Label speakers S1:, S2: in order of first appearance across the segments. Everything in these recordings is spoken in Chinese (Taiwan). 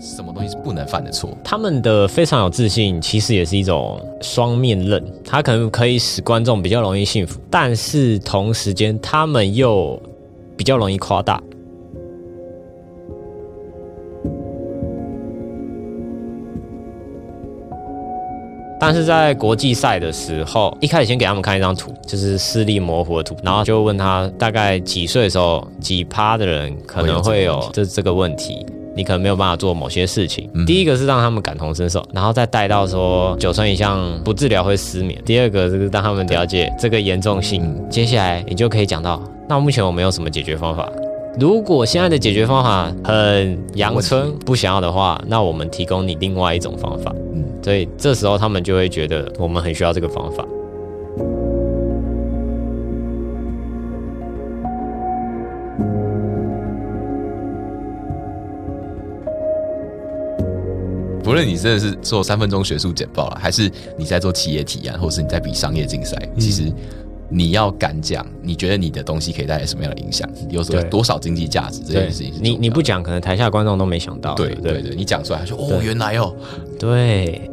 S1: 什麼東西是不能犯的錯？
S2: 他們的非常有自信，其實也是一種雙面刃。它可能可以使觀眾比較容易信服，但是同時間，他們又比較容易誇大。但是在國際賽的時候，一開始先給他們看一張圖，就是視力模糊的圖，然後就問他大概幾歲的時候，幾趴的人可能會有這這個問題，你可能沒有辦法做某些事情。嗯、第一個是讓他們感同身受，然後再帶到說九歲以上不治療會失眠。第二個就是讓他們了解這個嚴重性，接下來你就可以講到，那目前我們有什麼解決方法？如果現在的解決方法很陽春，不想要的話，那我們提供你另外一種方法。嗯。所以這時候他們就會覺得我們很需要這個方法。
S1: 不論你真的是做三分鐘學術簡報了，還是你在做企業體驗，或是你在比商業競賽，嗯，其實。你要敢講，你覺得你的東西可以帶來什麼樣的影響，有什麼多少經濟價值這件事情是，你你不講，可能台下觀眾都沒想到。對對對、對、對，你講出來他說哦，原來哦、喔，對。對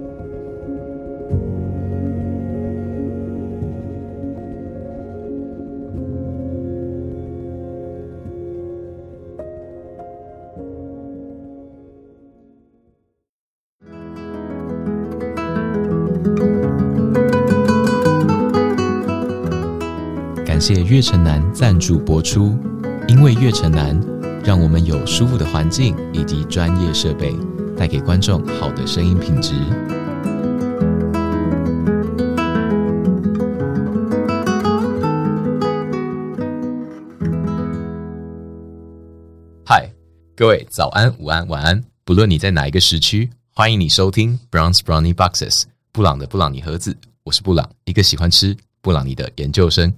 S1: 謝，謝月城南贊助播出，因為月城南讓我們有舒服的環境以及專業設備，帶給觀眾好的聲音品質。嗨，各位，早安、午安、晚安，不論你在哪一個時區，歡迎你收聽《Browne's Brownie Boxes 布朗的布朗尼盒子》，我是布朗，一個喜歡吃布朗尼的研究生。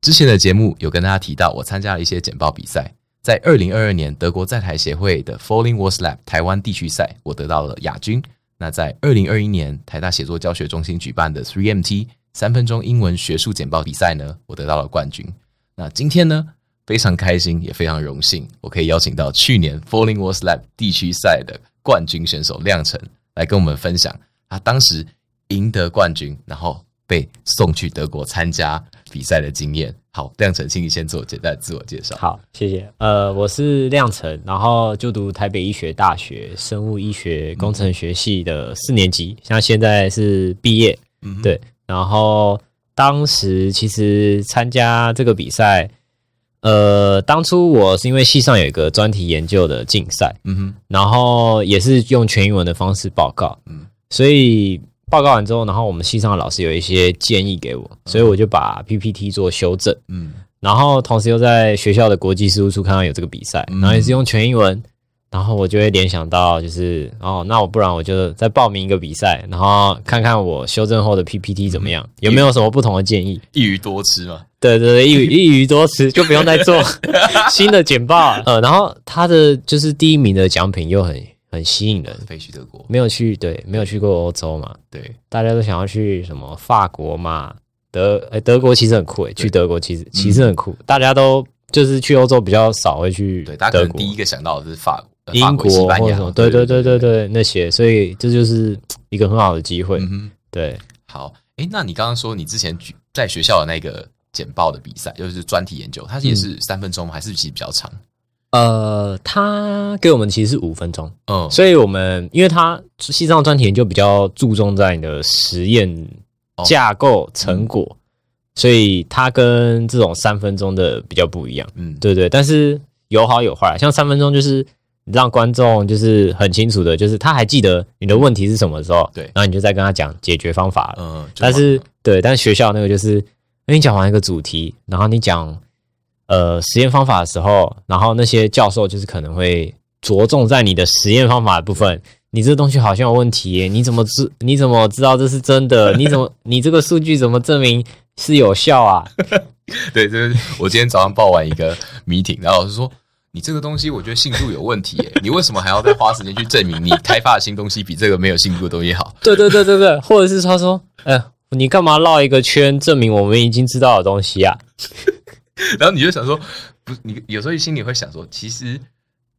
S1: 之前的節目有跟大家提到，我參加了一些簡報比賽。在二零二二年德國在台協會的 Falling Walls Lab 台灣地區賽，我得到了亞軍。那在二零二一年台大寫作教學中心舉辦的 3MT 三分鐘英文學術簡報比賽呢，我得到了冠軍。那今天呢，非常開心，也非常榮幸，我可以邀請到去年 Falling Walls Lab 地區賽的冠軍選手亮辰來跟我們分享他當時贏得冠軍，然後。被送去德國參加比賽的經驗。好，亮辰，請你先做簡單自我介紹。好，
S2: 謝謝。呃，我是亮辰，然後就讀台北醫學大學生物醫學工程學系的四年級，像、嗯、現在是畢業。嗯，對。然後當時其實參加這個比賽，呃，當初我是因為系上有一個專題研究的競賽，嗯哼，然後也是用全英文的方式報告，嗯，所以。報告完之後，然後我們系上的老師有一些建議給我，所以我就把 PPT 做修正。嗯，然後同時又在學校的國際事務處看到有這個比賽，嗯、然後也是用全英文，然後我就會聯想到，就是哦，那我不然我就再報名一個比賽，然後看看我修正後的 PPT 怎麼樣，嗯、有沒有什麼不同的建議？
S1: 一魚多吃嘛，
S2: 對，對對，一魚一魚多吃就不用再做 新的簡報。呃，然後他的就是第一名的獎品又很。很吸引人，飛去德國，沒有去，對，沒有去過歐洲嘛？對，大家都想要去什麼法國嘛？德，哎、欸，德國其實很酷誒、欸，去德國其實、嗯、其實很酷，大家都就是去歐洲比較少會去，對，大家可能第一個想到的是法國、英國、呃法國、對對對對對，對，對對對對，那些，所以這就是一個很好的機會、嗯，對，
S1: 好，哎、欸，那你剛剛說你之前在學校的那個簡報的比賽，就是專題研究，它也是三分鐘、嗯，還是其
S2: 實比較長？呃，他給我們其實是五分鐘，嗯，所以我們因為他西藏專題就比較注重在你的實驗架構成果，哦嗯，所以他跟這種三分鐘的比較不一樣，嗯，對對，對。但是有好有壞，像三分鐘就是你讓觀眾就是很清楚的，就是他還記得你的問題是什麼時候，對，然後你就再跟他講解決方法，嗯，但是對，但學校那個就是，欸，你講完一個主題，然後你講。呃，實驗方法的時候，然後那些教授就是可能會着重在你的實驗方法的部分。你這個東西好像有問題耶，你怎麼知？你怎麼知道這是真的？你怎麼你這個數據怎麼證明是有效啊？ 對，
S1: 對，對，就是我今天早上報完一個 meeting，然後老師說：“你這個東西我覺得信度有問題耶，你為什麼還要再花時間去證明你開發的
S2: 新東西比這個沒有信度的東西好？”對對對對對，或者是他說：“哎、呃，你幹嘛繞一個圈證明我們已經知道的東西啊？”然後你就想說，不，你
S1: 有時候心裡會想說，其實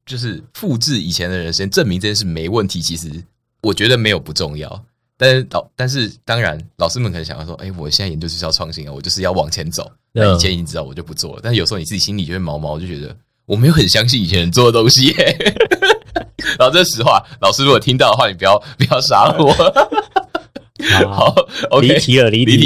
S1: 就是複製以前的人生，證明這件事沒問題。其實我覺得沒有不重要，但是老，但是當然，老師們可能想要說，哎、欸，我現在研究就是要創新啊，我就是要往前走。那、yeah. 以前已經知道我就不做了，但是有時候你自己心裡就會毛毛，就覺得我沒有很相信以前人做的東西，欸。 然後這實話，老師如果聽到的話，你不要不要殺了我。Yeah.
S2: 好，離題了，離、okay, 題了，離題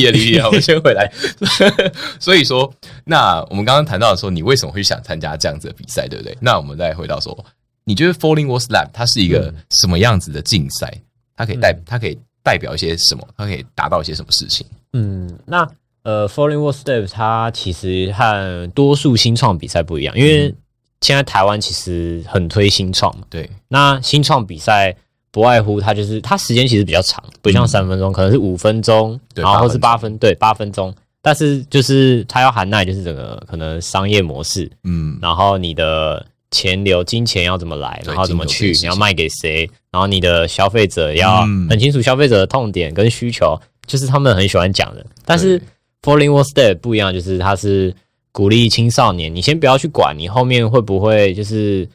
S2: 了。題了我先
S1: 回來。 所以說，那我們剛剛談到的時候，你為什麼會想參加這樣子的比賽，對不對？那我們再回到說，你覺得 Falling Walls Lab 它是一個什麼樣子的競賽、嗯？它可以代，它可以代表一些什麼？它可以達到一些什麼事情？嗯，
S2: 那呃，Falling Walls Lab 它其實和多數新創比賽不一樣，因為現在台灣其實很推新創嘛。對，那新創比賽。不外乎它就是它時間其實比較長，不像三分鐘、嗯，可能是五分鐘，然後或是八分，對，八分鐘。但是就是它要涵蓋，就是整個可能商業模式，嗯，然後你的錢流、金錢要怎麼來，然後怎麼去，你要賣給誰，然後你的消費者要很清楚消費者的痛點跟需求，嗯、就是他們很喜歡講的。但是 Falling Walls Lab 不一樣，就是它是鼓勵青少年，你先不要去管你後面會不會就是。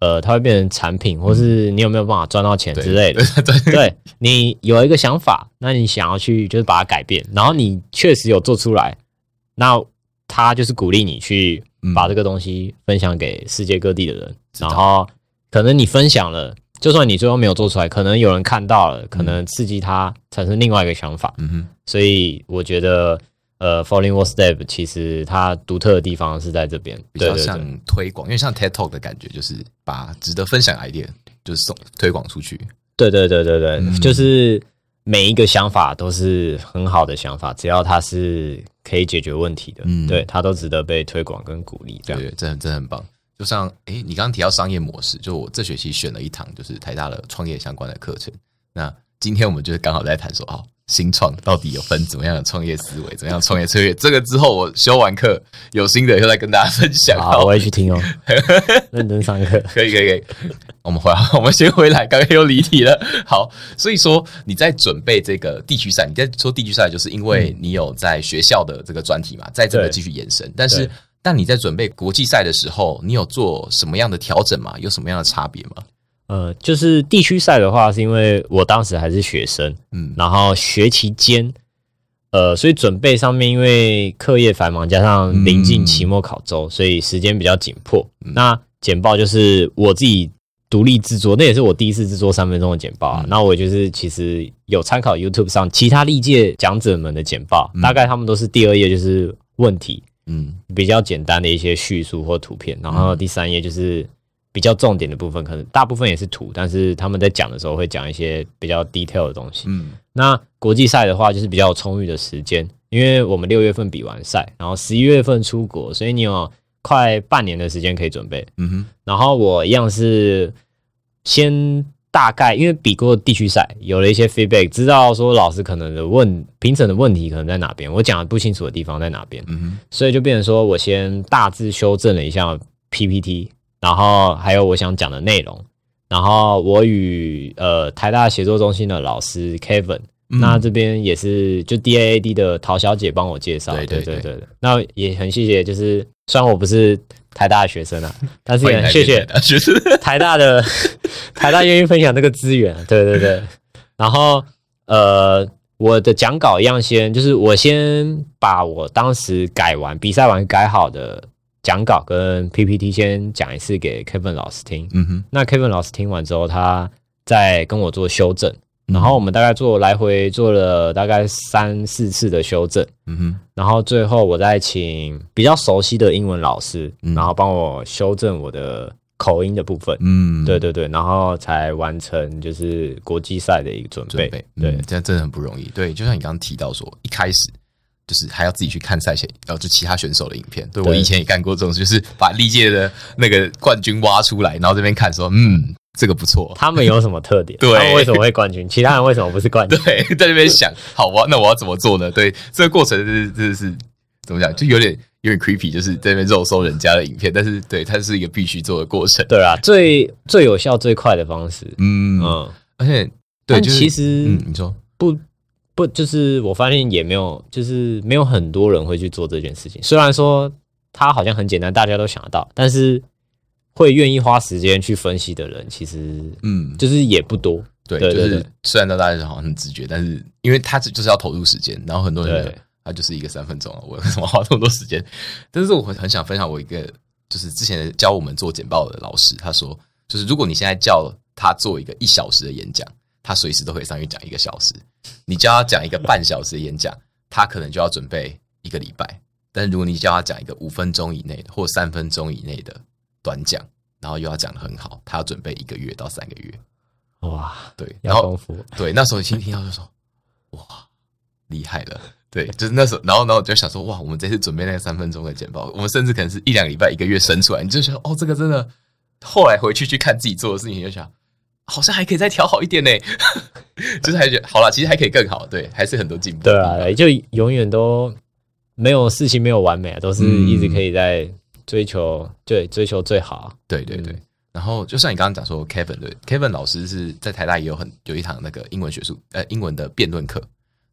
S2: 呃，它會變成產品，嗯、或是你有沒有辦法賺到錢之類的。對，對，對，對，對，你有一個想法，那你想要去就是把它改變，然後你確實有做出來，那他就是鼓勵你去把這個東西分享給世界各地的人。嗯。然後可能你分享了，就算你最後沒有做出來，可能有人看到了，可能刺激他產生另外一個想法。嗯、所以我覺得。呃，Falling Walls Lab 其實它獨特的地方是在這邊，比較像
S1: 推廣，因為像 TED Talk 的感覺，就是
S2: 把值得分享的 idea 就送推廣出去。對對對對對、嗯，就是每一個想法都是很好的想法，只要它是可以解決問題的，嗯，對，它都值得被推廣跟鼓勵。對，這真的真的很
S1: 棒。就像哎、欸，你剛剛提到商業模式，就我這學期選了一堂就是台大的創業相關的課程。那今天我們就是剛好在談說，好。新創到底有分怎麼樣的創業思維，怎麼樣創業策略？這個之後我修完課，有新的又來跟大家分享。好，我也去聽哦、喔，認真上課，可以可以可以。我們回來，我們先回來，剛剛又離題了。好，所以說你在準備這個地區賽，你在說地區賽，就是因為你有在學校的這個專題嘛，在這個繼續延伸。但是，但你在準備國際賽的時候，你有做什麼樣的調整嗎？有什麼樣的差別嗎？
S2: 呃，就是地區賽的話，是因為我當時還是學生，嗯，然後學期間，呃，所以準備上面因為課業繁忙，加上臨近期末考週、嗯嗯，所以時間比較緊迫、嗯。那簡報就是我自己獨立製作，那也是我第一次製作三分鐘的簡報。啊。那、嗯、我就是其實有參考 YouTube 上其他歷屆講者們的簡報、嗯，大概他們都是第二頁就是問題，嗯，比較簡單的一些敘述或圖片，然後第三頁就是。比較重點的部分，可能大部分也是圖，但是他們在講的時候會講一些比較 detail 的東西。嗯，那國際賽的話，就是比較充裕的時間，因為我們六月份比完賽，然後十一月份出國，所以你有快半年的時間可以準備。嗯哼。然後我一樣是先大概，因為比過地區賽，有了一些 feedback，知道說老師可能的問，評審的問題可能在哪邊，我講的不清楚的地方在哪邊。嗯哼。所以就變成說我先大致修正了一下 PPT。然後還有我想講的內容。然後我與呃台大寫作中心的老師 Kevin，、嗯、那這邊也是就 DAAD 的陶小姐幫我介紹。對對對對，對，對。那也很謝謝，就是雖然我不是台大的學生啊，但是也謝謝台大的， 台，大的台大願意分享這個資源。對對對。 然後呃，我的講稿一樣先，就是我先把我當時改完比賽完改好的。講稿跟 PPT 先講一次給 Kevin 老師聽，嗯哼，那 Kevin 老師聽完之後，他再跟我做修正，嗯，然後我們大概做來回做了大概三四次的修正，嗯哼，然後最後我再請比較熟悉的英文老師，嗯，然後幫我修正我的口音的部分，嗯，對對對，然後才完成就是國際賽的一個準備，準備，嗯，對，這樣真的很不容易，對，就像你剛剛提到說，一開始。
S1: 就是還要自己去看賽前，然後、哦、就其他選手的影片。對,對我以前也幹過這種，就是把歷屆的那個冠軍挖出來，然後這邊看說，嗯，這個不錯，他們有什麼特點對？他們為什麼會冠
S2: 軍？其他人為什麼不是冠軍？
S1: 對，在那邊想，好哇，那我要怎麼做呢？對，這個過程是，這是怎麼講？就有點有點 creepy，就是這邊肉搜人家的影片，但是對，它
S2: 是一個必須做的過程。對啊，最、嗯、最有效最快的方式，嗯，嗯而且對，其實、就是嗯、你說不。不就是我發現也沒有，就是沒有很多人會去做這件事情。雖然說他好像很簡單，大家都想得到，但是會願意花時間去分析的人，其實嗯，就是也不多。嗯、對，對，對，對，就
S1: 是雖然呢大家好像很直覺，但是因為他就是要投入時間，然後很多人就他就是一個三分鐘啊，我為什麼花這麼多時間？但是我很很想分享我一個，就是之前教我們做簡報的老師，他說，就是如果你現在叫他做一個一小時的演講。他隨時都可以上去講一個小時，你叫他講一個半小時的演講，他可能就要準備一個禮拜；但如果你叫他講一個五分鐘以內或三分鐘以內的短講，然後又要講的很好，他要準備一個月到三個月。哇，對，然後對，那時候你聽到就說，哇，厲害了。對，就是那時候，然後然後我就想說，哇，我們這次準備那個三分鐘的簡報，我們甚至可能是一兩禮拜、一個月生出來，你就想，哦，這個真的。後來回去去看自己做的事情，就想。好像還可以再調好一點呢？ 就是還覺得好了，其實還可以更好，對，還是很多進
S2: 步。對啊，嗯、就永遠都沒有事情沒有完美，都是一直可以在追求，嗯、對追求
S1: 最好。對對對。嗯、然後，就像你剛剛講說，Kevin 對，Kevin 老師是在台大也有很有一堂那個英文學術呃英文的辯論課，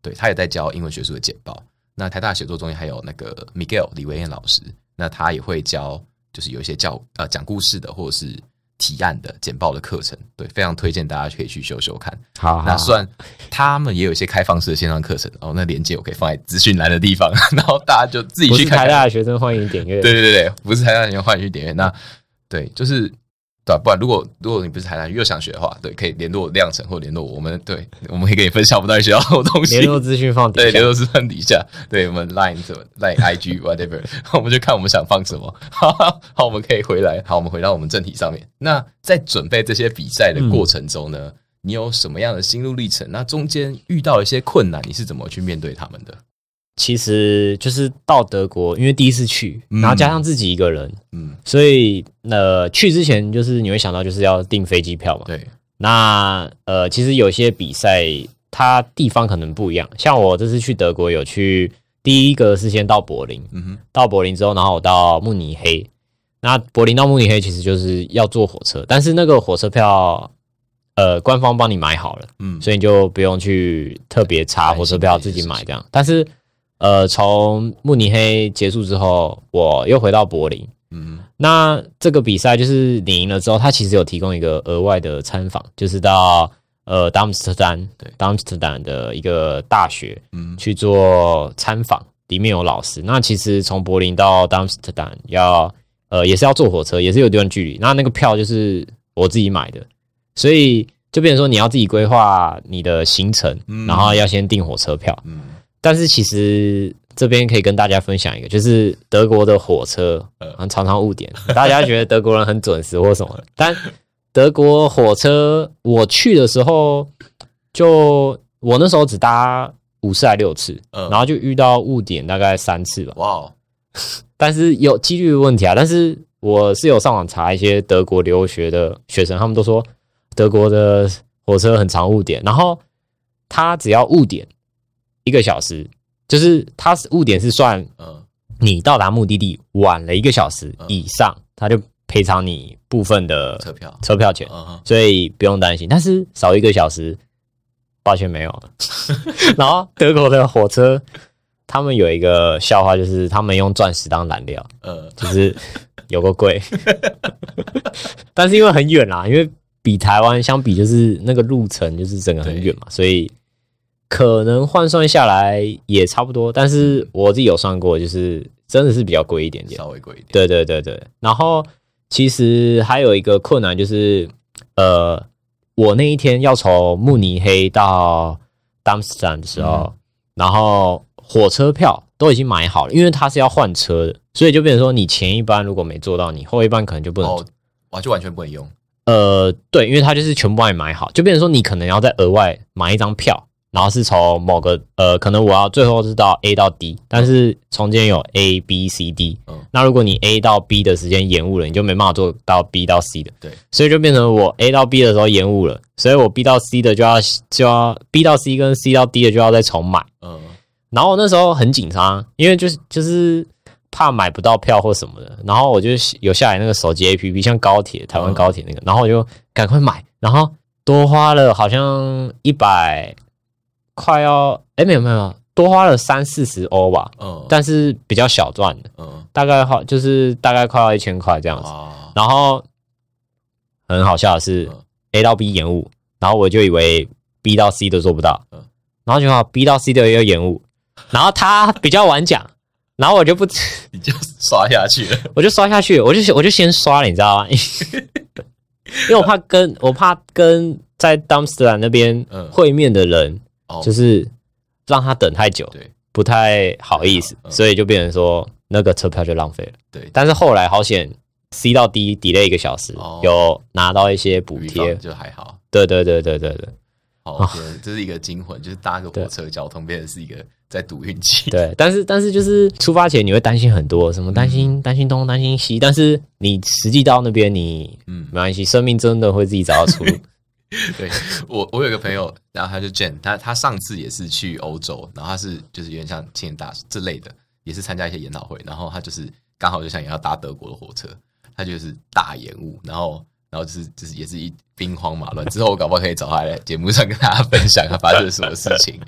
S1: 對他也在教英文學術的簡報。那台大寫作中心還有那個 Miguel 李維燕老師，那他也會教，就是有一些教呃講故事的或者是。提案的簡報的課程，對，非常推薦大家可以去修修看。好，好，那雖然他們也有一些開放式的線上課程，哦，那連接我可以放在資訊欄的地方，然後大家就自己去看看。不是台
S2: 大學生歡迎點閱，對對
S1: 對對，不是台大學生歡迎去點閱。那對，就是。對、啊，不然如果如果你不是台南，又想學的話，對，可以聯絡亮辰，或聯絡我，我們，對，我們可以給你分享我們學到的東西。聯 絡資
S2: 訊放底下，對，聯絡資
S1: 訊底下，對，我們 Line 什麼 Line、IG whatever， 我們就看我們想放什麼哈哈。好，我們可以回來。好，我們回到我們正題上面。那在準備這些比賽的過程中呢、嗯，你有什麼樣的心路歷程？那中間遇到一些困難，你是怎麼去面對他們的？
S2: 其實就是到德國，因為第一次去，然後加上自己一個人，嗯，嗯，所以那，呃，去之前就是你會想到就是要訂飛機票嘛，對。那呃，其實有些比賽它地方可能不一樣，像我這次去德國有去第一個是先到柏林，嗯哼，到柏林之後，然後我到慕尼黑，那柏林到慕尼黑其實就是要坐火車，但是那個火車票呃官方幫你買好了，嗯，所以你就不用去特別查火車票自己買這樣，嗯，但是。呃，從慕尼黑結束之後，我又回到柏林。嗯，那這個比賽就是你贏了之後，他其實有提供一個額外的參訪，就是到呃 Damsterdam 對 Damsterdam 的一個大學，嗯，去做參訪，裡面有老師。那其實從柏林到 Damsterdam 要呃也是要坐火車，也是有一段距離。那那個票就是我自己買的，所以就變成說你要自己規劃你的行程，嗯，然後要先訂火車票。嗯。嗯但是其實這邊可以跟大家分享一個，就是德國的火車很常常誤點，大家覺得德國人很準時或什麼？但德國火車我去的時候就，就我那時候只搭五次還六次，然後就遇到誤點大概三次吧。哇！但是有幾率問題啊。但是我是有上網查一些德國留學的學生，他們都說德國的火車很常誤點，然後他只要誤點，一個小時，就是它是誤點是算，你到達目的地晚了一個小時以上，他、嗯、就賠償你部分的車票車票錢、嗯，所以不用擔心。但是少一個小時，抱歉沒有。 然後德國的火車，他們有一個笑話，就是他們用鑽石當燃料、嗯，就是有個貴， 但是因為很遠啦，因為比台灣相比，就是那個路程就是整個很遠嘛，所以。可能換算下來也差不多，但是我自己有算過，就是真的是比較貴一點點，稍微貴一點。對對對對。然後其實還有一個困難就是，呃，我那一天要從慕尼黑到達姆斯坦的時候、嗯，然後火車票都已經買好了，因為他是要換車的，所以就變成說你前一班如果沒坐到你，你後一班可能就不能做、
S1: 哦，我就完全不能用。
S2: 呃，對，因為他就是全部幫你買好，就變成說你可能要再額外買一張票。然後是從某個呃，可能我要最後是到 A 到 D，但是中間有 A B C D。嗯。那如果你 A 到 B 的時間延誤了，你就沒辦法做到 B 到 C 的。對。所以就變成我 A 到 B 的時候延誤了，所以我 B 到 C 的就要就要 B 到 C 跟 C 到 D 的就要再重買。嗯。然後那時候很緊張，因為就是就是怕買不到票或什麼的。然後我就有下載那個手機 APP，像高鐵台灣高鐵那個。嗯。然後我就趕快買，然後多花了好像一百。快要哎、欸、沒有沒有多花了三四十歐吧，嗯，但是比較小賺的，嗯，大概的話就是大概快要一千塊這樣子，哦、然後很好笑的是、嗯、A 到 B 延誤，然後我就以為 B 到 C 都做不到，嗯，然後就好 B 到 C 都有延誤，然後他比較晚講， 然後我就不你就
S1: 刷， 就刷下去
S2: 了，我就刷下去，我就我就先刷了，你知道嗎？ 因為我怕跟我怕跟在 Dumster 那邊會面的人。嗯哦、就是讓他等太久，對，不太好意思，嗯、所以就變成說那個車票就浪費了。對，但是後來好險，C 到 D delay 一個小時，哦、有拿到一些補貼，就還好。對對對對對對，對，哦對，
S1: 這是一個驚魂、哦，就是搭個火車交通變成是一個在賭運氣。對，但
S2: 是但是就是出發前你會擔心很多，什麼擔心心、嗯、東擔心西，但是你實際到那邊你嗯沒關係，生命真的會自己找到出路。
S1: 對我，我有一個朋友，然後他就 Jen 他他上次也是去歐洲，然後他是就是有點像青年大使之類的，也是參加一些研討會，然後他就是剛好就想也要搭德國的火車，他就是大延誤，然後然後就是就是也是一兵荒馬亂。之後我搞不好可以找他來節目上跟大家分享他發生什麼事情。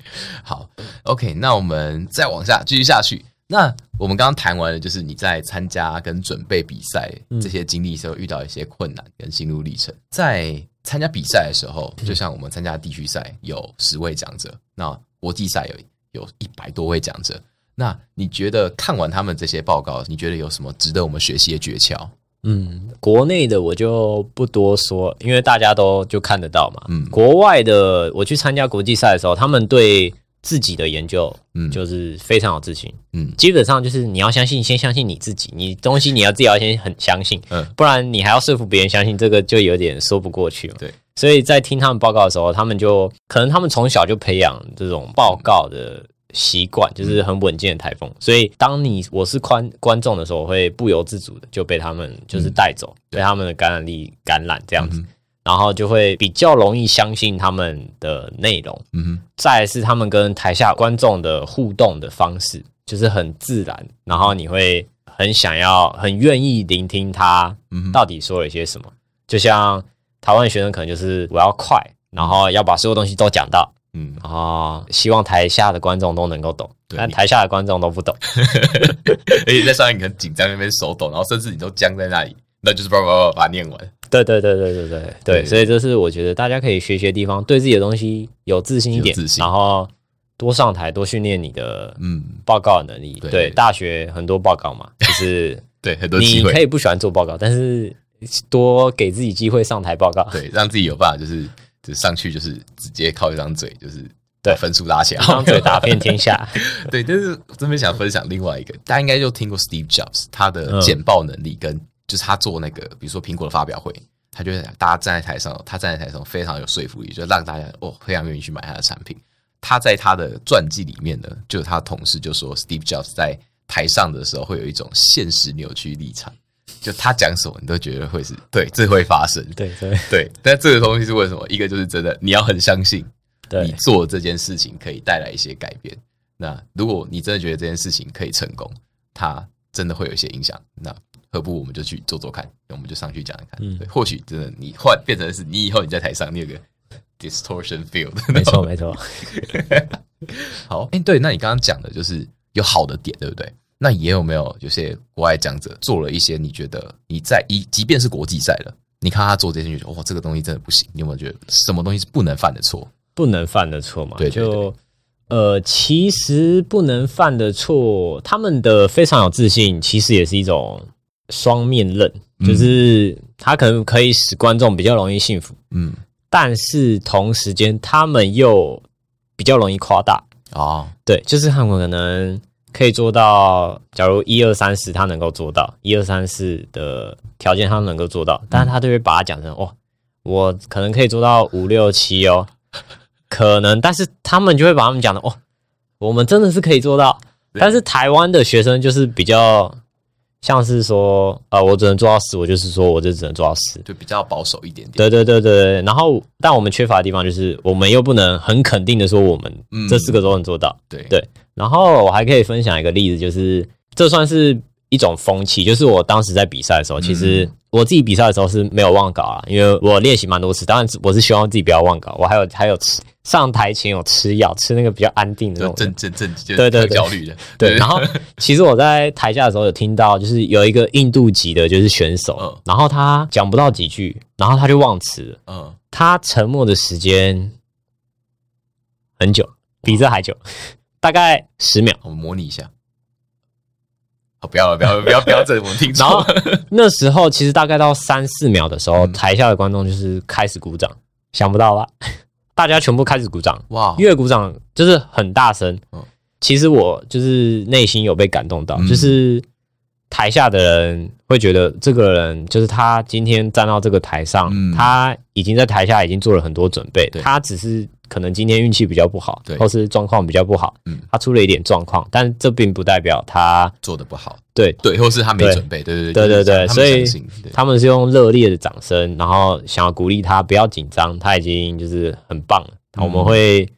S1: 好，OK，那我們再往下繼續下去。那我們剛剛談完了，就是你在參加跟準備比賽這些經歷時候遇到一些困難跟心路歷程，在。參加比賽的時候，就像我們參加地區賽有十位講者，嗯，那國際賽有有一百多位講者。那你覺得看完他們這些報告，你覺得有什麼值得我們學習的訣竅？
S2: 嗯，國內的我就不多說，因為大家都就看得到嘛。嗯，國外的，我去參加國際賽的時候，他們對。自己的研究，嗯，就是非常有自信，嗯，基本上就是你要相信，先相信你自己，你東西你要自己要先很相信，嗯，不然你還要說服別人相信，這個就有點說不過去了，對。所以在聽他們報告的時候，他們就可能他們從小就培養這種報告的習慣，就是很穩健的台風，嗯。所以當你我是觀觀眾的時候，我會不由自主的就被他們就是帶走，嗯，被他們的感染力感染這樣子。然後就會比較容易相信他們的內容，嗯哼，再來是他們跟台下觀眾的互動的方式，就是很自然，然後你會很想要、很願意聆聽他到底說了一些什麼。嗯、就像台灣學生可能就是我要快、嗯，然後要把所有東西都講到，嗯，然後希望台下的觀眾都能夠懂，對，但台下的觀眾都不懂， 而且在上面你很緊張，那邊手抖，然後甚至你都僵在那裡。那就是把
S1: 把把念完，
S2: 對對對對對對對，對，所以這是我覺得大家可以學習的地方，對，自己的東西有自信一點，然後多上台多訓練你的嗯報告能力、嗯。對，對，大學很多報告嘛，就是對，很多機會，你可以不喜歡做報告，但是多給自己機會上台報告，對，讓自己有辦法就是就上去就是直
S1: 接靠一張嘴，就是對分數拉起來，一張嘴打遍天下。 對，但是我這邊想分享另外一個，大家應該就聽過 Steve Jobs 他的簡報能力跟。就是他做那個，比如說蘋果的發表會，他就是大家站在台上，他站在台上非常有說服力，就讓大家哦非常願意去買他的產品。他在他的傳記裡面呢，就他同事就說，Steve Jobs 在台上的時候會有一種現實扭曲力場，就他講什麼你都覺得會是對，這會發生，對對對。但這個東西是為什麼？一個就是真的，你要很相信你做這件事情可以帶來一些改變。那如果你真的覺得這件事情可以成功，他真的會有一些影響。那何不，不我們就去做做看？那我們就上去講一看。對，或許真的你換變成是你以後你在台上，你有個 distortion field。沒錯，沒錯。好，哎、欸，對，那你剛剛講的就是有好的點，對不對？那也有沒有有些國外講者做了一些你覺得你在一即便是國際賽了，你看他做這些，覺得哇，這個東西真的不行。你有沒有覺得什麼東西是不能犯的錯？
S2: 不能犯的錯嘛？對，對，對，對就，就呃，其實不能犯的錯，他們的非常有自信，其實也是一種。雙面刃，就是他可能可以使觀眾比較容易信服，嗯，但是同時間他們又比較容易誇大哦，對，就是韓國可能可以做到，假如一二三四他能夠做到一二三四的條件，他能夠做到，但是他就會把它講成、嗯、哦，我可能可以做到五六七哦，可能，但是他們就會把他們講的哦，我們真的是可以做到，但是台灣的學生就是比較。像是說，呃，我只能做到四，我就是說我這只能做到四，就
S1: 比較保守一點
S2: 點。對對對對對。然後，但我們缺乏的地方就是，我們又不能很肯定的說我們這四個都能做到。嗯、對對。然後我還可以分享一個例子，就是這算是一種風氣，就是我當時在比賽的時候，嗯、其實。我自己比賽的時候是沒有忘稿啊，因為我練習蠻多次。當然，我是希望自己不要忘稿。我還有還有吃，上台前有吃藥，吃那個比較安定的那種的。正
S1: 正正對對對，焦慮的對。然後，
S2: 其實我在台下的時候有聽到，就是有一個印度籍的，就是選手，嗯，然後他講不到幾句，然後他就忘詞了。嗯，他沉默的時間很久，比這還久，大概十秒。我們模擬一下。哦，不要了，不要了，不要了，標準，我聽錯。然後那時候其實大概到三四秒的時候，嗯、台下的觀眾就是開始鼓掌，想不到吧？ 大家全部開始鼓掌，哇、wow！因為鼓掌就是很大聲、嗯。其實我就是內心有被感動到、嗯，就是台下的人會覺得這個人就是他今天站到這個台上，嗯、他已經在台下已經做了很多準備，他只是。可能今天運氣比較不好，對，或是狀況比較不好，嗯，他出了一點狀況，但這並不代表他做的不好，對對，對，或是他沒準備，對對對對對，對，對所以他們，對他們是用熱烈的掌聲，然後想要鼓勵他不要緊張，他已經就是很棒了。我們會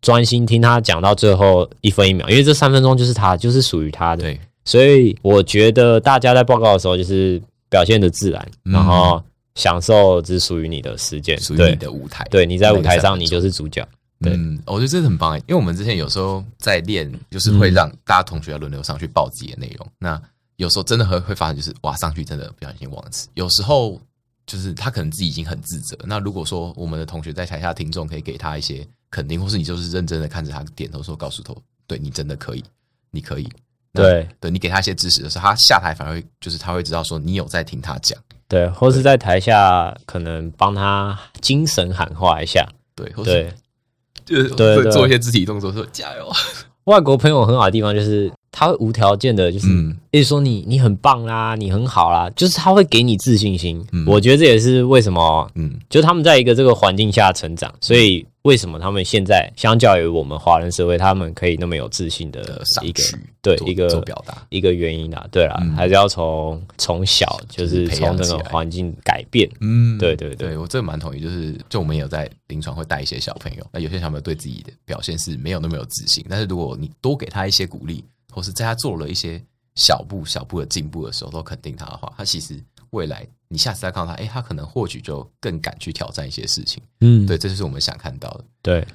S2: 專心聽他講到最後一分一秒，嗯、因為這三分鐘就是他就是屬於他的，對，所以我覺得大家在報告的時候就是表現的自然，然後、嗯。享受只屬於你的時間，屬於你的舞台。對，對你在舞台上，你就是主
S1: 角。那個、嗯，我覺得真的很棒誒，因為我們之前有時候在練，就是會讓大家同學輪流上去報自己的內容、嗯。那有時候真的會會發生，就是哇，上去真的不小心忘詞。有時候就是他可能自己已經很自責。那如果說我們的同學在台下聽眾可以給他一些肯定，或是你就是認真的看着他點頭，說告訴他，對你真的可以，你可以。
S2: 對，
S1: 對你給他一些支持的時候，他下台反而就是他會知道說你有在聽他講。
S2: 對，或是在台下可能幫他精神喊話一下，對，對或者就是做做一些肢體
S1: 動作，說加油。
S2: 外國朋友很好的地方就是。他會無條件的，就是，意、嗯、思說你你很棒啦、啊，你很好啦、啊，就是他會給你自信心、嗯。我覺得這也是為什麼，嗯，就他們在一個這個環境下成長，所以為什麼他們現在相較於我們華人社會、嗯，他們可以那麼有自信的一個，對做一個做表達一個原因啊，對啦、嗯，還是要從從小就是從這個環
S1: 境改變。嗯，對對對，對我這個蠻同意，就是就我們有在臨床會帶一些小朋友，那有些小朋友對自己的表現是沒有那麼有自信，但是如果你多給他一些鼓勵，或是在他做了一些小步、小步的進步的時候，都肯定他的話，他其實未來你下次再看到他，哎、欸，他可能或許就更敢去挑戰一些事情。嗯，對，這就是我們想看到的。對。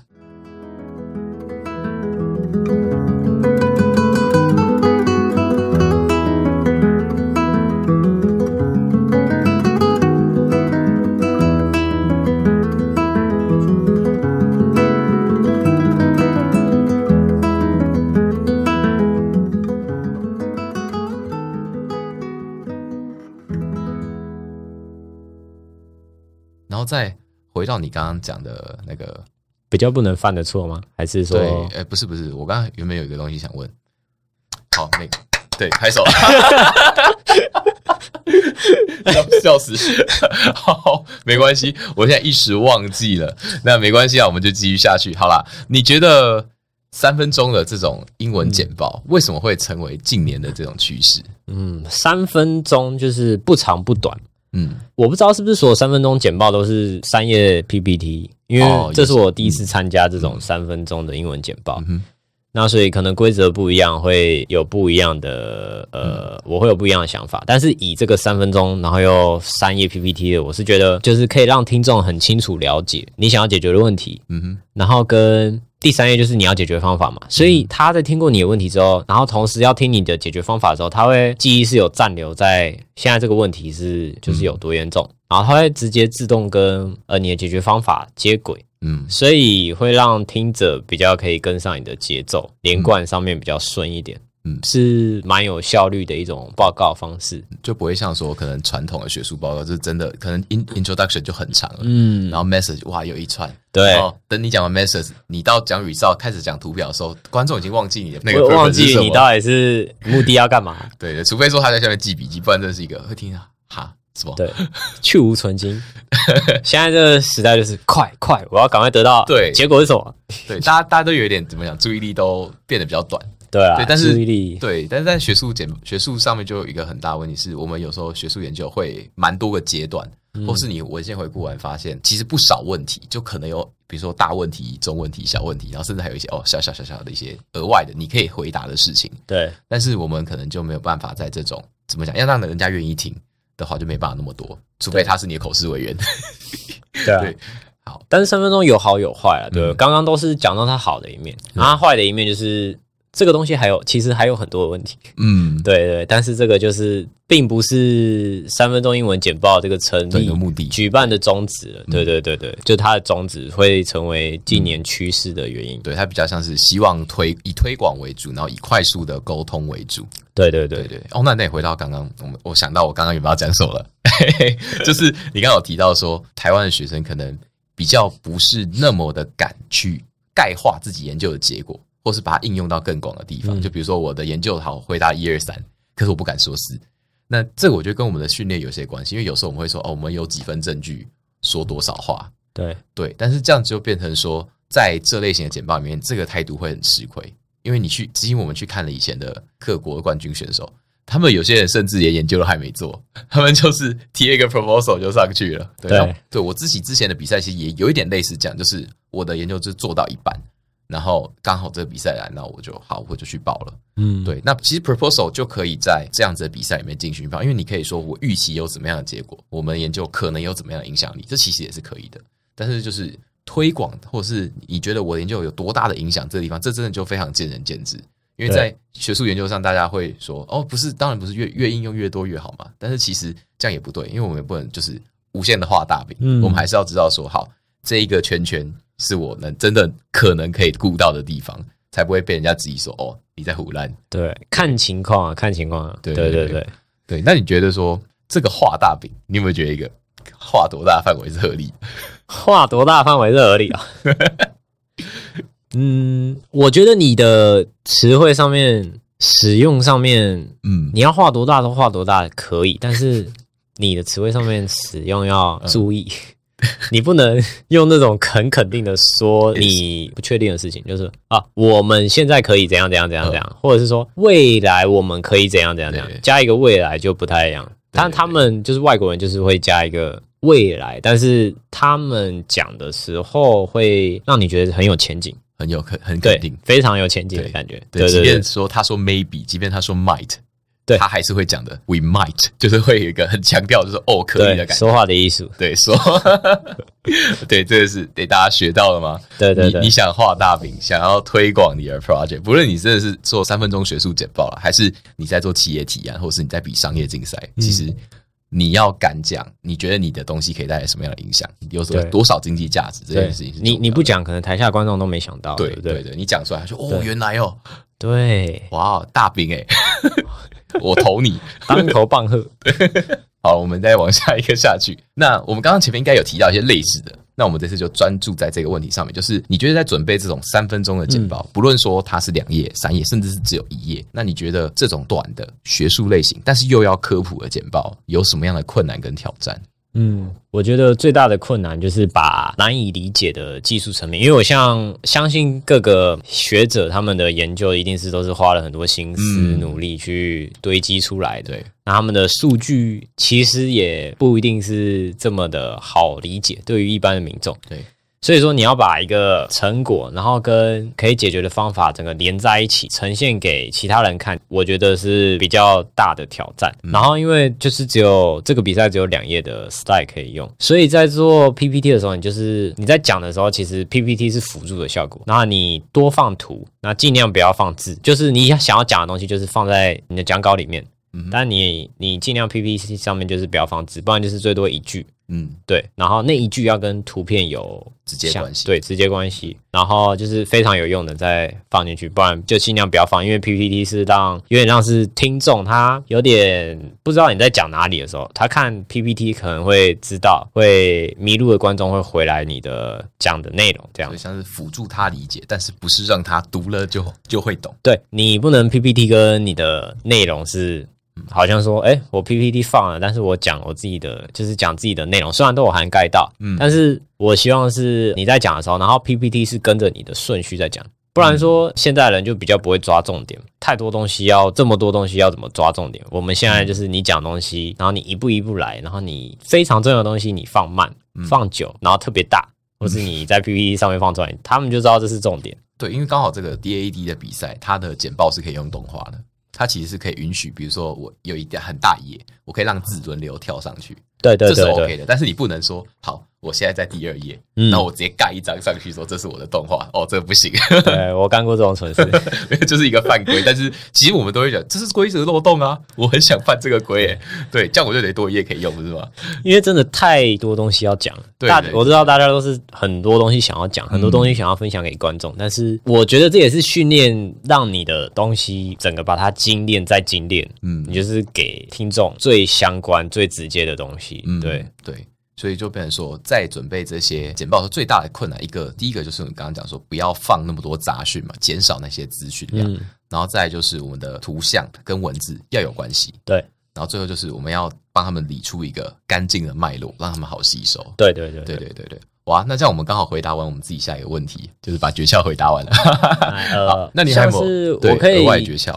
S1: 再回到你剛剛講的那個
S2: 比較不能犯的錯嗎？還是說？對，哎、
S1: 欸，不是不是，我剛剛原本有一個東西想問。好、哦，那個，對，拍手了 笑，笑死！ 好，沒關係，我現在一時忘記了，那沒關係啊，我們就繼續下去，好了。你覺得三分鐘的這種英文簡報、嗯、為什麼會成為近年的這種趨勢？嗯，
S2: 三分鐘就是不長不短。嗯，我不知道是不是所有三分鐘簡報都是三頁 PPT，因為這是我第一次參加這種三分鐘的英文簡報，哦嗯，那所以可能規則不一樣，會有不一樣的呃，嗯，我會有不一樣的想法。但是以這個三分鐘，然後又三頁 PPT 的，我是覺得就是可以讓聽眾很清楚了解你想要解決的問題，嗯哼，然後跟。第三頁就是你要解決方法嘛，所以他在聽過你的問題之後，然後同時要聽你的解決方法之後，他會記憶是有暫留在現在這個問題是就是有多嚴重，然後他會直接自動跟呃你的解決方法接軌，嗯，所以會讓聽者比較可以跟上你的節奏，連貫上面比較順一點。嗯，是蠻有效率的一種報告方式，
S1: 就不會像說可能傳統的學術報告是真的，可能 introduction 就很長了，嗯，然後 message 哇有一串，對，等你講完 message，你到講 result 開始講圖表的時候，觀眾已經忘記你的那個，我忘記你到底
S2: 是目的要幹嘛，對 對，除非說他在下面
S1: 記筆記，不然這是一個會聽啊哈是吧，對，
S2: 去蕪存菁， 現在這個時代就是快快，我要趕快得到，對，結果是什麼？對，大家大家都有一點怎麼講，注意力都變得比較短。對，啊、對，但是對，
S1: 但是在學術簡學術上面就有一個很大問題，是我們有時候學術研究會蠻多個階段、嗯，或是你文獻回顧完發現，其實不少問題就可能有，比如說大問題、中問題、小問題，然後甚至還有一些哦，小、小小小小的一些額外的你可以回答的事情。對，但是我們可能就沒有辦法在這種怎麼講，要讓人家願意聽的話，就沒辦法那麼多，除
S2: 非他是你的口試委員。對， 對對啊、好，但是三分鐘有好有壞啊。對，對、嗯，剛剛都是講到他好的一面，那、嗯、壞的一面就是這個東西還有，其實還有很多的問題。嗯，對對，但是這個就是並不是三分鐘英文簡報這個成立的目的、舉辦的宗旨、嗯。對對對對，就它的宗旨會成為近年
S1: 趨勢的原因。嗯、對，它比較像是希望推以推廣為主，然後以快速的溝通為主。
S2: 對對對對，對，
S1: 對。哦，那那也回到剛剛，我們我想到我剛剛有沒有講錯了？ 就是你剛剛有提到說，台灣的學生可能比較不是那麼的敢去概化自己研究的結果。或是把它應用到更廣的地方、嗯，就比如說我的研究好回答一二三，可是我不敢說四。那這個我覺得跟我們的訓練有些關係，因為有時候我們會說哦，我們有幾分證據說多少話。對對，但是這樣就變成說，在這類型的簡報裡面，這個態度會很吃虧，因為你去，其實我們去看了以前的各國冠軍選手，他們有些人甚至也研究都還沒做，他們就是提一個 proposal 就上去了。對，對，對我自己之前的比賽其實也有一點類似這樣，講就是我的研究就做到一半。然後剛好這個比賽來，那我就好，我就去報了。嗯，對。那其實 proposal 就可以在這樣子的比賽裡面進行放，因為你可以說我預期有怎麼樣的結果，我們研究可能有怎麼樣的影響力，這其實也是可以的。但是就是推廣，或者是你覺得我研究有多大的影響，這個地方這真的就非常見仁見智。因為在學術研究上，大家會說哦，不是，當然不是越越應用越多越好嘛。但是其實這樣也不對，因為我們不能就是無限的畫大餅，嗯、我們還是要知道說好。這一個圈圈是我能真的可能可以顧到的地方，才不會被人家質疑說：“哦，你在唬爛。對”對，看情況啊，看情況啊。對對對對對,對。那你覺得說這個畫大餅，你有沒有覺得一個畫多大範圍是合理？畫多大範圍
S2: 是合理啊？ 嗯，我覺得你的詞彙上面使用上面，嗯，你要畫多大就畫多大可以，但是你的詞彙上面使用要注意。嗯 你不能用那種很肯、肯定的說你不確定的事情，就是啊，我們現在可以怎樣怎樣怎樣怎樣，嗯、或者是說未來我們可以怎樣怎樣怎樣，加一個未來就不太一樣。但他們就是外國人，就是會加一個未來，但是他們講的時候會讓你覺得很有前景，很有很很肯定，非常有前景的感覺。對，對對對對，即便
S1: 說他說 maybe，即便他說 might。對，他還是會講的，We might，就是會有一個很強調，就是哦、oh, 可以的感覺。說話的藝術，對說，對，說 對這個、是得、欸、大家學到了嗎？對對對，你，你想畫大餅，想要推廣你的 project，不論你真的是做三分鐘學術簡報了，還是你在做企業體驗，或是你在比商業競賽、嗯，其實你要敢講，你覺得你的東西可以帶來什麼樣的影響？有多少經濟價值這件事情
S2: 是，你你不講，可能台下觀眾都沒想到，對對對，對，對對，你講出來，說哦、喔、原來哦、喔，對，哇大餅哎、
S1: 欸。 我投你當頭棒喝， 好，我們再往下一個下去。那我們剛剛前面應該有提到一些類似的，那我們這次就專注在這個問題上面。就是你覺得在準備這種三分鐘的簡報，嗯、不論說它是兩頁、三頁，甚至是只有一頁，那你覺得這種短的學術類型，但是又要科普的簡報，有什麼樣的困難跟挑戰？
S2: 嗯，我覺得最大的困難就是把難以理解的技術層面，因為我像相信各個學者他們的研究一定是都是花了很多心思、嗯、努力去堆積出來的，對，那他們的數據其實也不一定是這麼的好理解，對於一般的民眾，對。所以說，你要把一個成果，然後跟可以解決的方法整個連在一起，呈現給其他人看，我覺得是比較大的挑戰。然後，因為就是只有這個比賽只有兩頁的 slide 可以用，所以在做 PPT 的時候，你就是你在講的時候，其實 PPT 是輔助的效果。那你多放圖，那盡量不要放字，就是你想要講的東西就是放在你的講稿裡面。嗯，但你你盡量 PPT 上面就是不要放字，不然就是最多一句。嗯，對，然後那一句要跟圖片有直接關係，對，直接關係。然後就是非常有用的，再放進去，不然就盡量不要放，因為 PPT 是讓有點像是聽眾，他有點不知道你在講哪裡的時候，他看 PPT 可能會知道，會迷路的觀眾會回來你的講的內容，這樣，像是輔助他理解，但是不是讓他讀了就就會懂。對，你不能 PPT 跟你的內容是。好像說，哎、欸，我 PPT 放了，但是我講我自己的，就是講自己的內容，雖然都有涵蓋到，嗯，但是我希望是你在講的時候，然後 PPT 是跟着你的順序在講，不然說現在人就比較不會抓重點，太多東西要這麼多東西要怎麼抓重點？我們現在就是你講東西，然後你一步一步來，然後你非常重要的東西你放慢、嗯、放久，然後特別大，或是你在 PPT 上面放出來、嗯，他們就知道這是重點。
S1: 對，因為剛好這個 DAAD 的比賽，它的簡報
S2: 是可以用動畫的。它其
S1: 實是可以允許，比如說我有一個很大頁，我可以讓字輪流跳上去，對對對，對，這是 OK 的，對對對對。但是你不能說，好，我現在在第二頁，那、嗯、我直接蓋一張上去說這是我的動畫、嗯、哦，這個、不行。 對我幹過這種蠢事， 就是一個犯規。 但是其實我們都會講，這是規則漏洞啊。我很想犯這個規，耶，對，這樣我就得多一頁可以用，不是嗎？
S2: 因為真的太多東西要講。 對，我知道大家都是很多東西想要講，很多東西想要分享給觀眾、嗯。但是我覺得這也是訓練，讓你的東西整個把它精煉再精煉。嗯，你就是給聽眾最相關、最直接的東西。對、嗯、對。
S1: 對所以就變成說，在準備這些簡報的時候，最大的困難一個，第一個就是我們剛剛講說，不要放那麼多雜訊嘛，減少那些資訊量，嗯，然後再來就是我們的圖像跟文字要有關係，對，然後最後就是我們要幫他們理出一個乾淨的脈絡，讓他們好吸收，對，對對對對對對。哇，那這樣我們剛好回答完我們自己下一個問題，就是把訣竅回答完
S2: 了，嗯， 好，那你還有沒有對額外訣竅？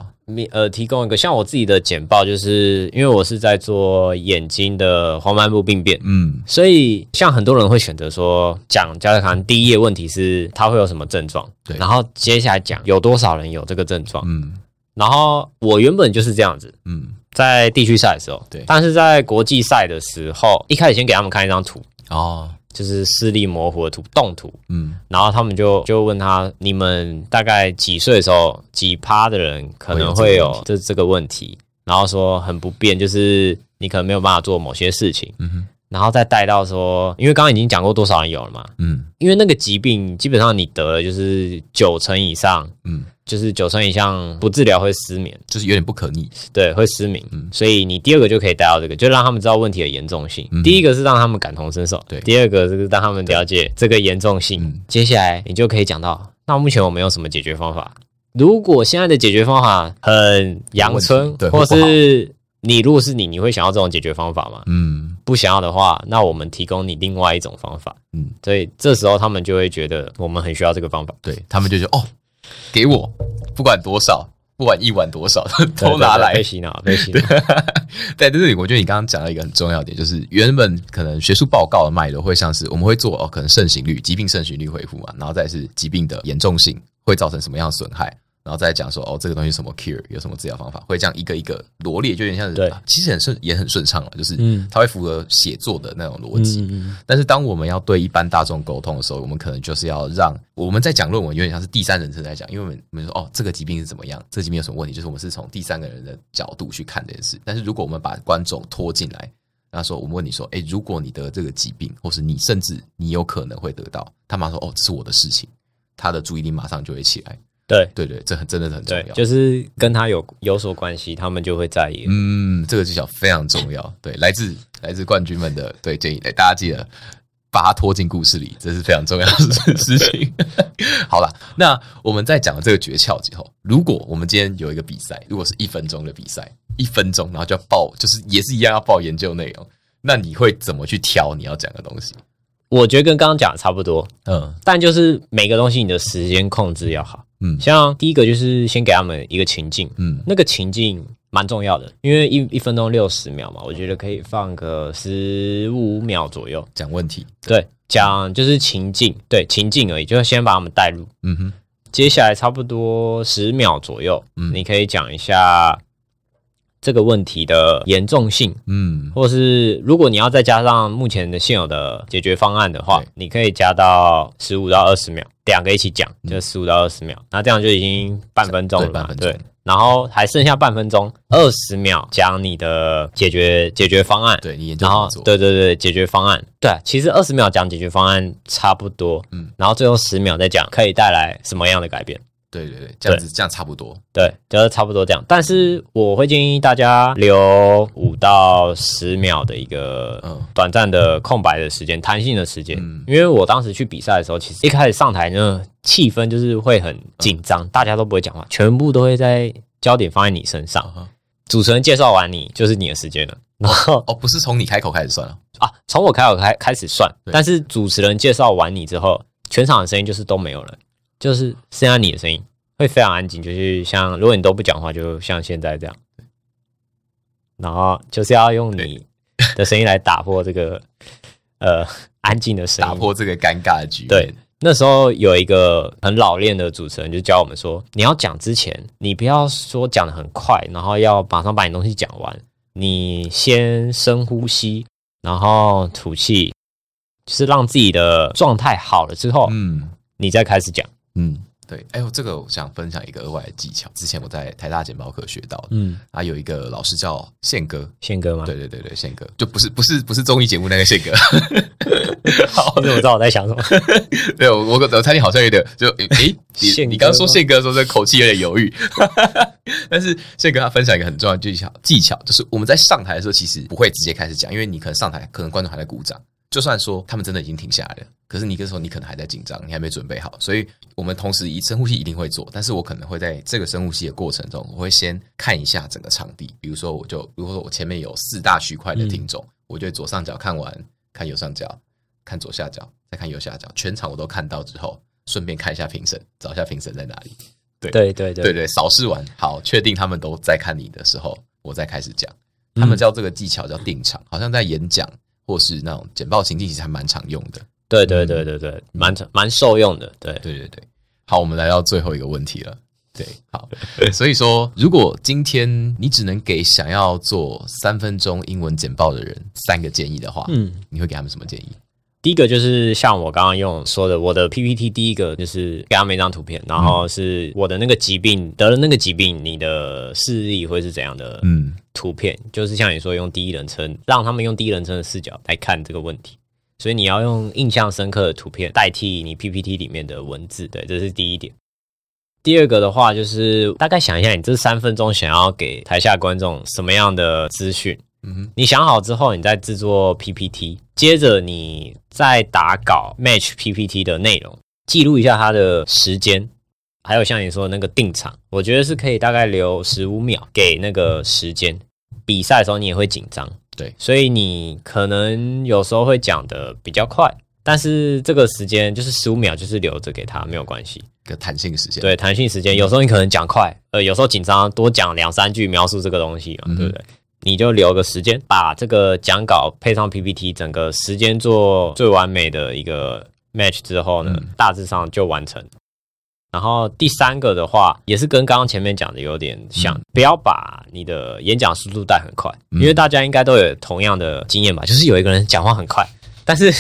S2: 呃，提供一個像我自己的簡報，就是因為我是在做眼睛的黃斑部病變，嗯，所以像很多人會選擇說講焦糖，第一頁問題是它會有什麼症狀，對，然後接下來講有多少人有這個症狀，嗯，然後我原本就是這樣子，嗯，在地區賽的時候，對，但是在國際賽的時候，一開始先給他們看一張圖，哦。就是視力模糊的圖，動圖。嗯，然後他們就就問他，你們大概幾歲的時候，幾趴的人可能會有這這個問題？然後說很不便，就是你可能沒有辦法做某些事情。嗯哼。然後再帶到說，因為剛剛已經講過多少人有了嘛，嗯，因為那個疾病基本上你得了就是九成以上，嗯，就是九成以上不治療會失明，就是有點不可逆，對，會失明，嗯，所以你第二個就可以帶到這個，就讓他們知道問題的嚴重性，嗯。第一個是讓他們感同身受，對，第二個就是讓他們了解這個嚴重性。接下來你就可以講到，那目前我們有什麼解決方法？如果現在的解決方法很陽春，對，或，或是你如果是你，你會想要這種解決方法嗎？嗯。不想要的話，那我們提供你另外一種方法。嗯，所以這時候他們就會覺得我們很需要這個方法，對，他們就覺得：「哦，給我，不管多少，不管一碗多少，都拿來。對對對對對”對，
S1: 對，對。在就是我覺得你剛剛講到一個很重要點，就是原本可能學術報告的脈絡會像是我們會做哦，可能盛行率、疾病盛行率恢復嘛、啊，然後再是疾病的嚴重性會造成什麼樣的損害。然後再講說哦，這個東西是什麼 cure 有什麼治療方法，會這樣一個一個羅列，就有點像是對、啊，其實很順，也很順暢了，就是嗯，他會符合寫作的那種邏輯、嗯。但是當我們要對一般大眾溝通的時候，我們可能就是要讓我們在講論文，有點像是第三人稱在講，因為我們我們說哦，這個疾病是怎麼樣，這個、疾病有什麼問題，就是我們是從第三個人的角度去看這件事。但是如果我們把觀眾拖進來，那時候我們問你說，哎，如果你得這個疾病，或是你甚至你有可能會得到，他媽說哦，這是我的事情，他的注意力馬上就會起來。對對對，這很真的是很重要，就是
S2: 跟他有有所關係，
S1: 他們就會在意。嗯，這個技巧非常重要。對，來自來自冠軍們的對，建議，大家記得把它拖進故事裡，這是非常重要的事情。 好了，那我們在講了這個訣竅之後，如果我們今天有一個比賽，如果是一分鐘的比賽，一分鐘，然後就要報，就是也是一樣要報研究內容，那你會怎麼去
S2: 挑你要講的東西？我覺得跟剛剛講的差不多。嗯，但就是每個東西你的時間控制要好。嗯，像第一個就是先給他們一個情境，嗯，那個情境蠻重要的，因為一一分鐘六十秒嘛，我覺得可以放個十五秒左右，講問題，對，講就是情境，對，情境而已，就先把他們帶入，嗯哼，接下來差不多十秒左右，嗯，你可以講一下。這個問題的嚴重性，嗯，或是如果你要再加上目前的現有的解決方案的話，你可以加到十五到二十秒，兩個一起講，嗯、就十五到二十秒，那這樣就已經半分鐘了吧。嗯對，半分鐘，對，然後還剩下半分鐘二十秒講你的解決解決方案，對，你然後對對對解決方案，對，啊，其實二十秒講解決方案差不多，嗯，然後最後十秒再講可以帶來什麼樣的改變。對對對，這樣子這樣差不多，對，就是差不多這樣。但是我會建議大家留五到十秒的一個短暫的空白的時間，嗯，彈性的時間。因為我當時去比賽的時候，其實一開始上台呢，氣氛就是會很緊張，嗯，大家都不會講話，全部都會在焦點放在你身上。嗯，主持人介紹完你，就是你的時間了。然後哦，不是從你開口開始算啊，啊，從我開口開開始算。但是主持人介紹完你之後，全場的聲音就是都沒有了。就是剩下你的聲音會非常安靜，就是像如果你都不講話，就像現在這樣，然後就是要用你的聲音來打破這個 呃安靜的聲音，打破這個尷尬的局。對，那時候有一個很老練的主持人就教我們說，你要講之前，你不要說講得很快，然後要馬上把你東西講完，你先深呼吸，然後吐氣，就是讓自己的狀態好了之後，嗯，你再開始講。
S1: 嗯，對，哎呦，這個我想分享一個額外的技巧，之前我在台大簡報課學到的。嗯，啊，有一個老師叫憲哥，憲哥嗎？對對對對，憲哥，就不是不是不是綜藝節目那個憲哥。 好，我知道我在想什麼。 對，我我，我猜你好像、欸、你你剛剛有點就誒，憲你剛說憲哥的時候這口氣有點猶豫。 但是憲哥他分享一個很重要的技巧，技巧就是我們在上台的時候其實不會直接開始講，因為你可能上台，可能觀眾還在鼓掌，就算說他們真的已經停下來了。可是你這時候你可能還在緊張，你還沒準備好，所以我們同時一深呼吸一定會做。但是我可能會在這個深呼吸的過程中，我會先看一下整個場地。比如說，我就如果說我前面有四大區塊的聽眾，嗯、我就左上角看完，看右上角，看左下角，再看右下角，全場我都看到之後，順便看一下評審，找一下評審在哪裡
S2: 對。對對對對對,對，
S1: 掃視完，好，確定他們都在看你的時候，我再開始講。他們叫這個技巧叫定場，嗯、好像在演講或是那種簡報情境其實還蠻常用的。對對對對對，蠻、嗯、蠻受用的。對對對對，好，我們來到最後一個問題了。對，好， 所以說，如果今天你只能給想要做三分鐘英文簡報的人三個建議的話，嗯，你會給他們什麼建議？
S2: 第一個就是像我剛剛用說的，我的 PPT 第一個就是給他們一張圖片，然後是我的那個疾病得了那個疾病，你的視力會是怎樣的？嗯，圖片就是像你說用第一人稱，讓他們用第一人稱的視角來看這個問題。所以你要用印象深刻的圖片代替你 PPT 裡面的文字，對，這是第一點。第二個的話，就是大概想一下，你這三分鐘想要給台下觀眾什麼樣的資訊？嗯哼，你想好之後，你再制作 PPT，接着你再打稿 match PPT 的內容，記錄一下它的時間。還有像你說的那個定場，我覺得是可以大概留十五秒給那個時間。比賽的時候你也會緊張。對，所以你可能有時候會講得比較快，但是這個時間就是十五秒，就是留着給他沒有關係，個彈性時間。對，彈性時間，有時候你可能講快，嗯、呃，有時候緊張多講兩三句描述這個東西嘛，對不對、嗯？你就留個時間，把這個講稿配上 PPT，整個時間做最完美的一個 match 之後呢，嗯、大致上就完成。然後第三個的話，也是跟剛剛前面講的有點像，嗯，不要把你的演講速度帶很快，嗯，因為大家應該都有同樣的經驗吧，就是有一個人講話很快，但是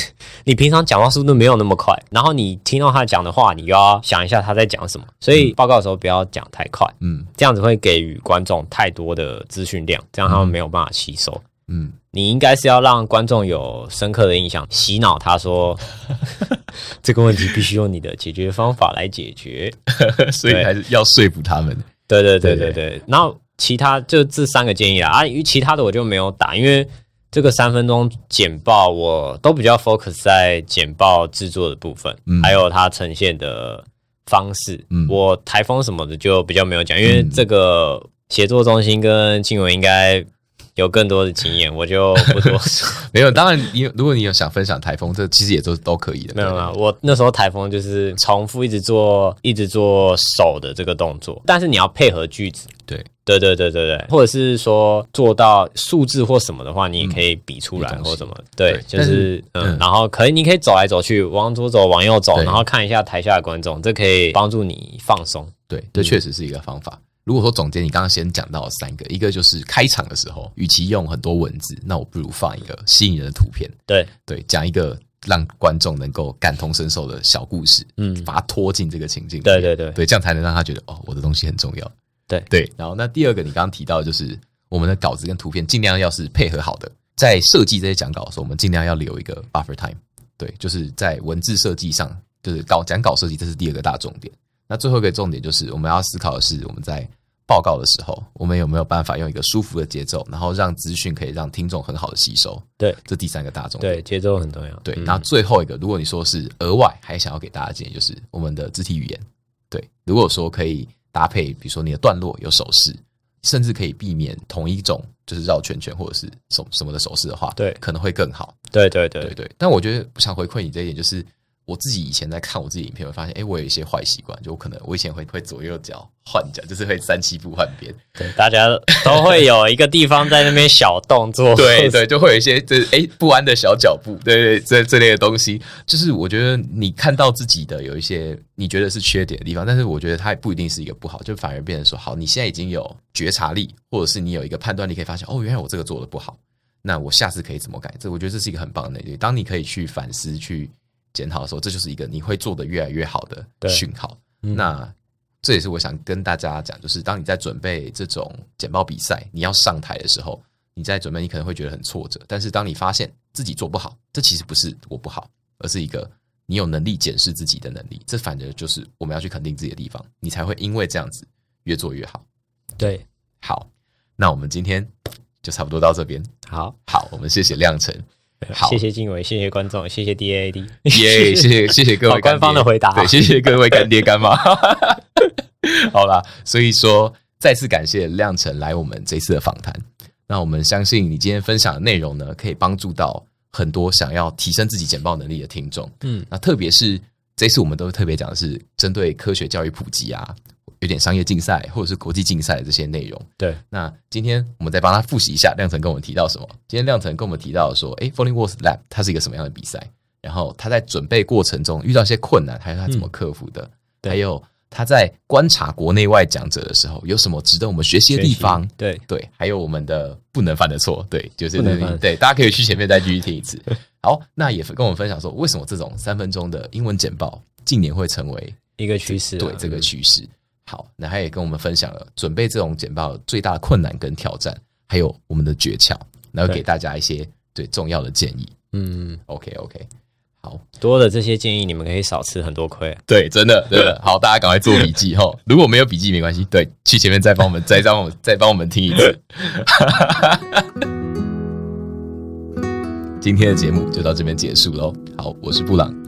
S2: 你平常講話速度沒有那麼快，然後你聽到他講的話，你又要想一下他在講什麼，所以報告的時候不要講太快，嗯，這樣子會給予觀眾太多的資訊量，這樣他們沒有辦法吸收。嗯，你應該是要讓觀眾有深刻的印象，洗腦他說 這個問題必須用你的解決方法來解決， 所以還是要說服他們。對對，對對對對對，然後其他就這三個建議啊，啊，其他的我就沒有打，因為這個三分鐘簡報我都比較 focus 在簡報製作的部分，嗯、還有它呈現的方式。嗯，我台風什麼的就比較沒有講、嗯，因為這個寫作中心跟新聞應該有更多的經驗，我就不多說。 沒有，當然，你如果你有想分享台風，這其實也都都可以的。沒有啊，我那時候台風就是重複一直做，一直做手的這個動作，但是你要配合句子。對對對對對對，或者是說做到數字或什麼的話，你也可以比出來或什麼。嗯、對，對，就是嗯，嗯，然後可以，你可以走來走去，往左走，往右走，然後看一下台下的觀眾，這可以幫助你放鬆。
S1: 對，這確實是一個方法。嗯如果說總結，你剛剛先講到了三個，一個就是開場的時候，與其用很多文字，那我不如放一個吸引人的圖片，對對，講一個讓觀眾能夠感同身受的小故事，嗯，把它拖進這個情境，對對對，對，這樣才能讓他覺得哦，我的東西很重要，對對。然後那第二個，你剛剛提到的就是我們的稿子跟圖片尽量要是配合好的，在設計這些講稿的時候，我們儘量要留一個 buffer time，對，就是在文字設計上，就是搞講稿設計，這是第二個大重點。那最後一個重點就是我們要思考的是我們在報告的時候，我們有沒有辦法用一個舒服的節奏，然後讓資訊可以讓聽眾很好的吸收？對，這第三個大重點，對，節奏很重要。嗯、對，然、嗯、後最後一個，如果你說是額外還想要給大家建議，就是我們的肢體語言。對，如果說可以搭配，比如說你的段落有手勢，甚至可以避免同一種就是繞圈圈或者是什麼什麼的手勢的話，對，可能會更好。對對對對，對對。但我覺得不想回饋你這一點就是。我自己以前在看我自己影片，會發現，哎、欸，我有一些壞習慣，就我可能我以前會會左右腳換腳，就是會三七步換邊。對，大家都會有一個地方在那邊小
S2: 動作。 對對，就
S1: 會有一些這哎、欸、不安的小腳步。對對，對，對，這這類的東西，就是我覺得你看到自己的有一些你覺得是缺點的地方，但是我覺得它不一定是一個不好，就反而變成說，好，你現在已經有覺察力，或者是你有一個判斷力，可以發現，哦，原來我這個做的不好，那我下次可以怎麼改？這我覺得這是一個很棒的能力，當你可以去反思去。檢討的時候，這就是一個你會做得越來越好的訊號。嗯，那這也是我想跟大家講，就是當你在準備這種簡報比賽，你要上台的時候，你在準備，你可能會覺得很挫折。但是當你發現自己做不好，這其實不是我不好，而是一個你有能力檢視自己的能力。這反而就是我們要去肯定自己的地方，你才會因為這樣子越做越好。對，好，那我們今天就差不多到這邊。好，好，我們謝謝亮辰。謝謝
S2: 靜偉，謝謝觀眾，謝謝 DAAD，耶， yeah, 謝謝謝謝各位官方的回答，對，謝謝各位乾爹
S1: 乾媽， 好了，所以說再次感謝亮辰來我們這次的訪談，那我們相信你今天分享的內容呢，可以幫助到很多想要提升自己簡報能力的聽眾，嗯，那特別是這次我們都特別講的是針對科學教育普及啊。有點商業競賽或者是國際競賽的這些內容。對，那今天我們再幫他複習一下亮辰跟我們提到什麼。今天亮辰跟我們提到說，哎 Falling Walls Lab 它是一個什麼樣的比賽？然後他在準備過程中遇到一些困難，還有他怎麼克服的？嗯、對還有他在觀察國內外講者的時候，有什麼值得我們學習的地方？對對，還有我們的不能犯的錯。對，就是對,對,對,對，大家可以去前面再繼續聽一次。 好，那也跟我們分享說，為什麼這種三分鐘的英文簡報近年會成為一個趨勢、啊？對，這個趨勢。好，那他也跟我們分享了準備這種簡報的最大的困難跟挑戰，還有我們的訣竅，然後給大家一些最重要的建議。嗯
S2: ，OK OK，好多的這些建議，你們可以少吃很多虧啊。對，真的，對 好，
S1: 大家趕快做筆記哈。 如果沒有筆記沒關係，對，去前面再幫我， 我們，再讓我們，再幫我們聽一次。 今天的節目就到這邊結束嘍。好，我是布朗。